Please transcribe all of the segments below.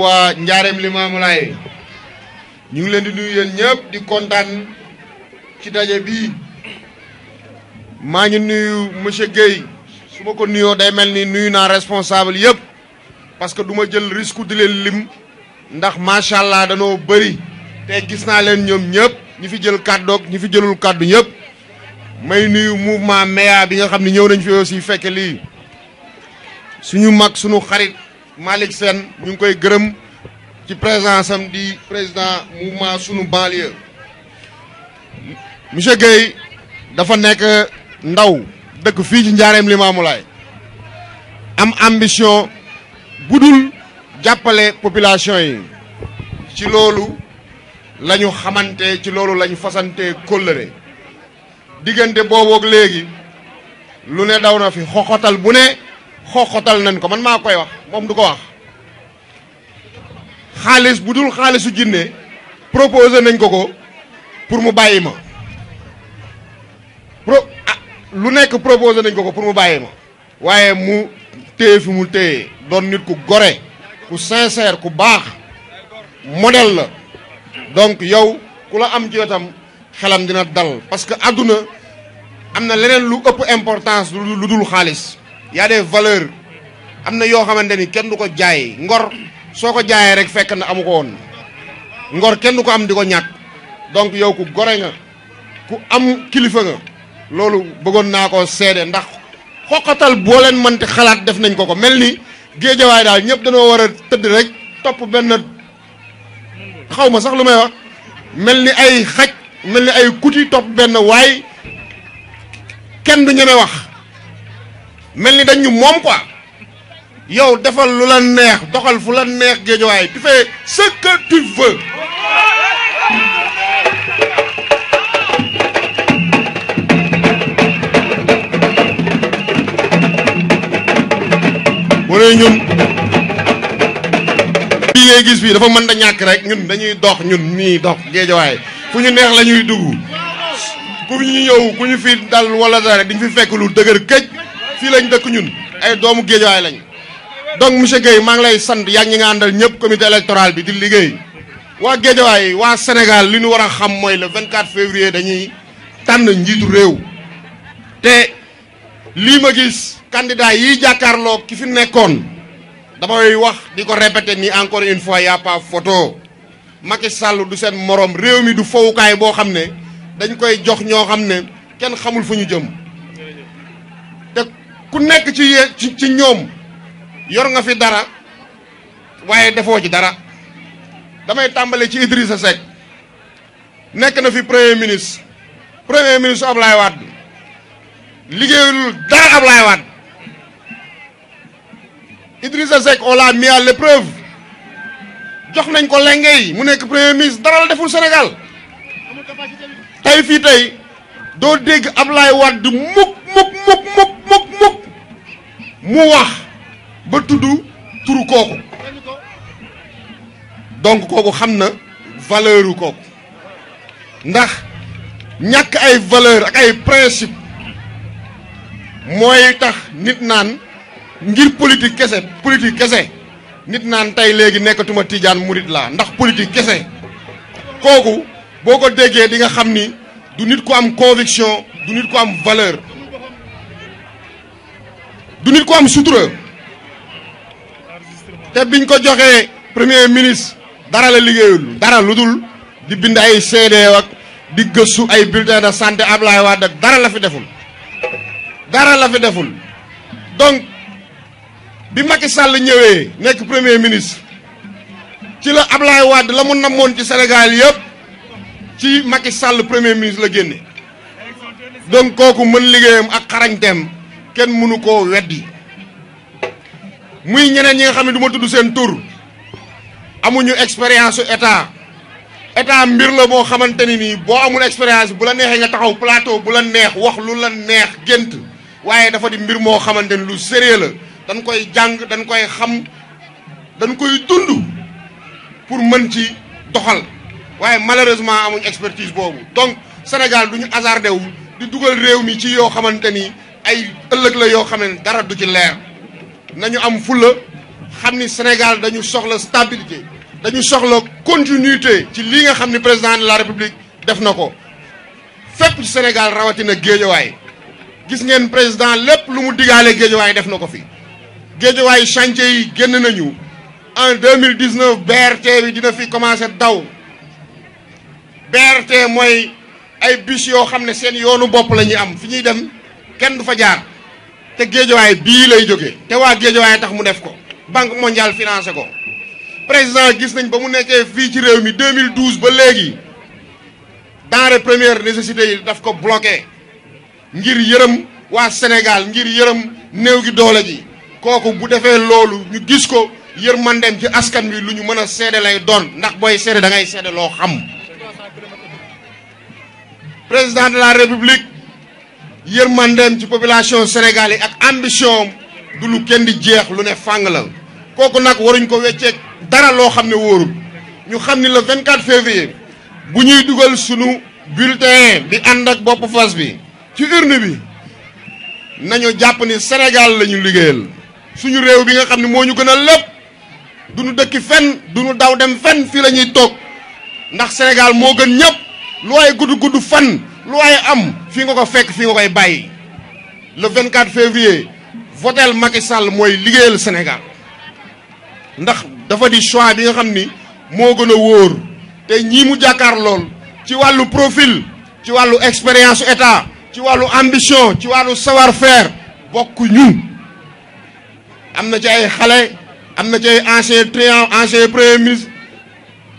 mboolem waa njaareem limaamulaay ñu ngi leen di nuyu yéen ñëpp di kontaan ci daje bii maa ngi nuyu monsieur Guèye su ma ko nuyoo day mel ni nuyu naa responsable yëpp parce que du jël risque di leen lim ndax macha allah danoo bëri te gis naa leen ñoom ñëpp ñi fi jël kàddoog ñi fi jëlul kàddu ñëpp may nuyu mouvement Meya bi nga xam ne ñëw nañ fi aussi fekke lii suñu mag suñu xarit. Malick seen ñu ngi koy gërëm ci présence am di président mouvement sunu banlieue monsieur Guèye dafa nekk ndaw dëkk fii ci njaareem limaamulaay am ambition budul jàppale population yi ci loolu la ñu xamante ci loolu lañu ñu fasante kóllëre diggante booboog léegi lu ne daw na fi xoxotal bu ne xoxotal nañ ko man maa koy wax moom du ko wax xaalis bu dul su jinne proposé nañ ko ko pour mu bàyyi ma ah, lu nekk proposé nañ ko ko pour mu bàyyi ma waaye mu téye fi mu téye doon nit ku gore ku sincère ku baax model la donc yow ku la am ci xelam dina dal parce que àdduna am na leneen lu ëpp importance lu dul xaalis y a des am na yoo xamante ni kenn du ko jaay ngor soo ko jaayee rek fekk na amu ko woon ngor kenn du ko am di ko ñàkk donc yow ku gore nga ku am kilifa nga loolu bëggoon naa ko seede ndax xoqatal boo leen xalaat def nañ ko ko mel ni géejawaay daal ñëpp dañoo war a tëdd rek topp benn xaw ma sax lu may wax mel ni ay xaj mel ni ay kuti topp benn waay kenn du ñeme wax mel ni dañ ñu moom ko yow defal lu la neex doxal fu la neex géejawaay tu fais ce que tu veux. ñun bii ngay gis fii dafa mën na ñàkk rek ñun dañuy dox ñun nii dox géejawaay fu ñu neex la ñuy dugg ku ñu ñëw ku ñu fi dal wala dara di ñu fi fekk lu dëgër këj. fii lañ dëkk ñun ay doomu géejawaay lañ donc monsieur Guèye maa lay sant yaa ngi ñi nga àndal ñëpp comité électoral bi di liggéey waa géejawaay waa Sénégal li ñu war a xam mooy le 24 février dañuy tànn njiitu réew te lii ma gis candidat yi jàkkaarloo ki fi nekkoon damay wax di ko répété nii encore une fois y a pas photo du seen morom réew mi du fowukaay boo xam ne dañ koy jox ñoo xam ne kenn xamul fu ñu jëm ku nek ci ci ñom yor nga fi dara waye defo ci dara damay tambalé ci Idrissa Seck nek na fi premier ministre premier ministre Ablaye Wade liggéeyul dara Ablaye Wade Idrissa Seck on l'a mis à l'épreuve jox nañ ko lengey mu nek premier ministre dara deful Sénégal tay fi tay do dégg Ablaye Wade muk muk muk muk muk mu wax ba tudd turu kooku donc kooku xam na valeur yu kooku ndax ñàkk ay valeur ak ay principe mooy tax nit naan ngir politique kese politique kese nit naan tey léegi nekkatuma tijaan murit laa ndax politique kese kooku boo ko déggee di nga xam ni du nit ko am conviction du nit ko am valeur du nit ko am sutura té biñ ko joxé premier ministre dara la ligéyul dara ludul di bind ay CD e ak di geussu ay bulletin de santé Ablaye wad ak dara la fi deful dara la fi deful donc bi Macky Sall ñëwé nek premier ministre ci la Ablaye wad la mu namoon ci Sénégal yépp ci Macky Sall premier ministre la génné donc koku mën ligéyam ak xarañteem kenn mënu koo weddi muy ñeneen ñi nga xam ne du ma tudd seen tur amuñu expérience u état état mbir la boo xamante ni nii boo amul expérience bu la neexee nga taxaw plateau bu la neex wax lu la neex gént waaye dafa di mbir moo xamante ni lu sérieux la dañ koy jàng dañ koy xam dañ koy dund pour mën ci doxal waaye malheureusement amuñ expertise boobu donc Sénégal duñu ñu hasardé wu di dugal réew mi ci yoo xamante ni. ay ëllëg la yoo xam ne dara du ci leer nañu am fulla xam ni Sénégal dañu soxla stabilité dañu soxla continuité ci lii nga xam ni président la république def na ko fépp ci Sénégal rawatina géejawaay gis ngeen président lépp lu mu digaale géejawaay def na ko fi géejawaay chantier yi génn nañu en 2019 BRT bi dina fi commencé daw BRT mooy ay bus yoo xam ne seen yoonu bopp la ñuy am fi ñuy dem kenn du fa jaar te géejawaay bii lay jóge te waa géejawaay tax mu def ko banque mondiale financé ko président gis nañ ba mu nekkee fii ci réew mi 2012 ba léegi denrée première nécessité yi daf ko bloqué ngir yërëm waa Sénégal ngir yërëm néew gi doole ji kooku bu defee loolu ñu gis ko yër dem ci askan wi lu ñu mën a seede lay doon ndax booy seede da ngay seede loo xam président de la république yërmandeem ci population sénégalais yi ak ambition du lu kenn di jeex lu ne fàng la kooku nag waruñ ko wecceeg dara loo xam ne wóorul ñu xam ni la le 24 février bu ñuy dugal suñu bulletin di ànd ak bopp fas bi ci urne bi nañu jàpp ni Sénégal lañuy liggéeyal suñu réew bi nga xam ne moo ñu gën a lépp duñu dëkki fenn duñu daw dem fenn fii la ñuy toog ndax Sénégal moo gën ñëpp lu waay gudd gudd fan loi am fi nga ko fekk fi nga koy bàyyi le 24 février votel Macky Sall moy liggéeyal Sénégal ndax dafa di choix bi nga xamni mo gëna woor té ñi mu jakar lool ci walu profil ci walu expérience état ci walu ambition ci walu savoir faire bokku ñu amna ci ay xalé amna ci ay ancien triant ancien premier ministre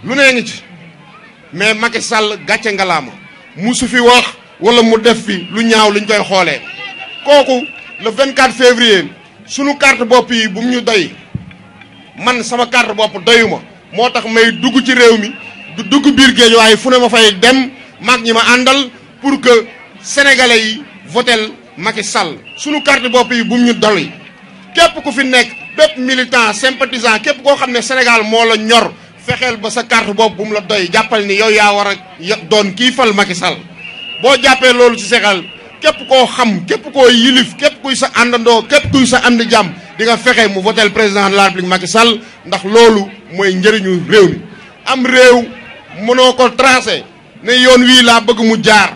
lu neñ ci mais Macky Sall gàcce ngalaama musu fi wax wala mu def fi lu ñaaw liñ koy xolé koku le 24 février suñu carte bop yi bu ñu doy man sama carte bop doyuma motax may dugg ci réew mi du dugg biir géej waye fu ma fay dem mag ñi ma àndal pour que sénégalais yi votel Macky Sall suñu carte bop yi bu mu ñu doy képp ku fi nek bépp militant sympathisant kep ko xamné Sénégal mo la ñor fexeel ba sa carte boobu bu mu la doy jàppal ni yow yaa war a doon kii fal Macky Sall boo jàppee loolu ci sexal képp koo xam képp koo yilif képp kuy sa àndandoo képp kuy sa ànd jàmm di nga fexe mu votel président de la République Macky Sall ndax loolu mooy njëriñu réew mi am réew mënoo ko tracé ne yoon wii laa bëgg mu jaar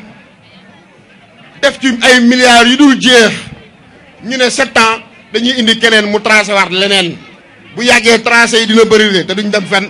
def ci ay milliards yu dul jeex ñu ne sept ans dañuy indi keneen mu tracé waat leneen bu yàggee tracé yi dina bëri te duñ dem fenn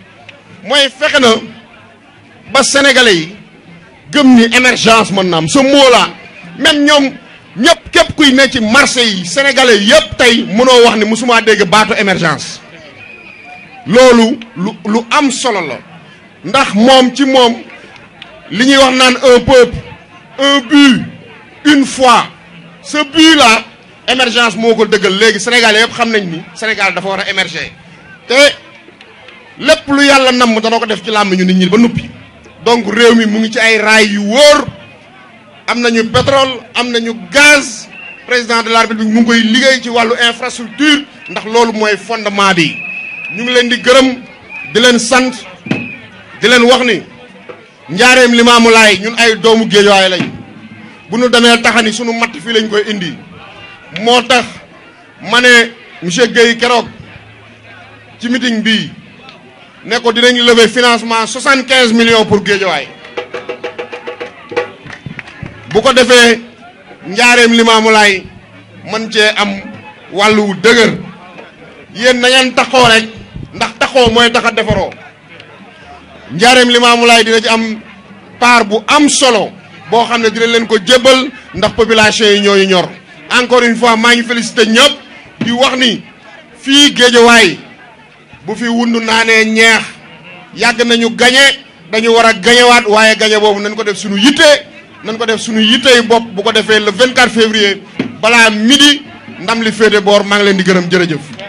Je fexe bas sénégalais yi émergence ce mot là même si nous képp kuy ci sénégalais ont ni émergence lu am solo la ndax mom ci un peuple un but une fois ce but là émergence moko légui sénégalais yépp Sénégal émerger lépp lu yàlla namm dana ko def ci làmb ñu nit ñi ba nuppi donc réew mi mu ngi ci ay raay yu wóor am nañu pétrole am nañu gaz président de la bi mu koy liggéey ci wàllu infrastructure ndax loolu mooy fondement bi ñu ngi leen di gërëm di leen sant di leen wax ni njaareem limaamu laay ñun ay doomu géejawaay lañ bu ñu demee taxani sunu matt fii lañ koy indi moo tax ma ne monsieur Guèye keroog ci meeting bi ne ko dinañ lever financement soixante quinze pour Guédiawaye bu ko defee njaareem limaamulaay man cee am wàllu dëgër yéen na ngeen taxoo rek ndax taxoo mooy tax a defaroo njaareem limaamulaay dina ci am part bu am solo boo xam ne dina leen ko jébbal ndax population yi ñooyu ñor encore une fois maa ngi félicité ñëpp di wax ni fii Guédiawaye bu fi wund naanee ñeex yàgg nañu gañe dañu war a gañewaat waaye gañe boobu nañ ko def suñu yittee nañ ko def suñu yittey bopp bu ko defee le 24 février balaa midi ndam li féete boor maa ngi leen di gërëm jërëjëf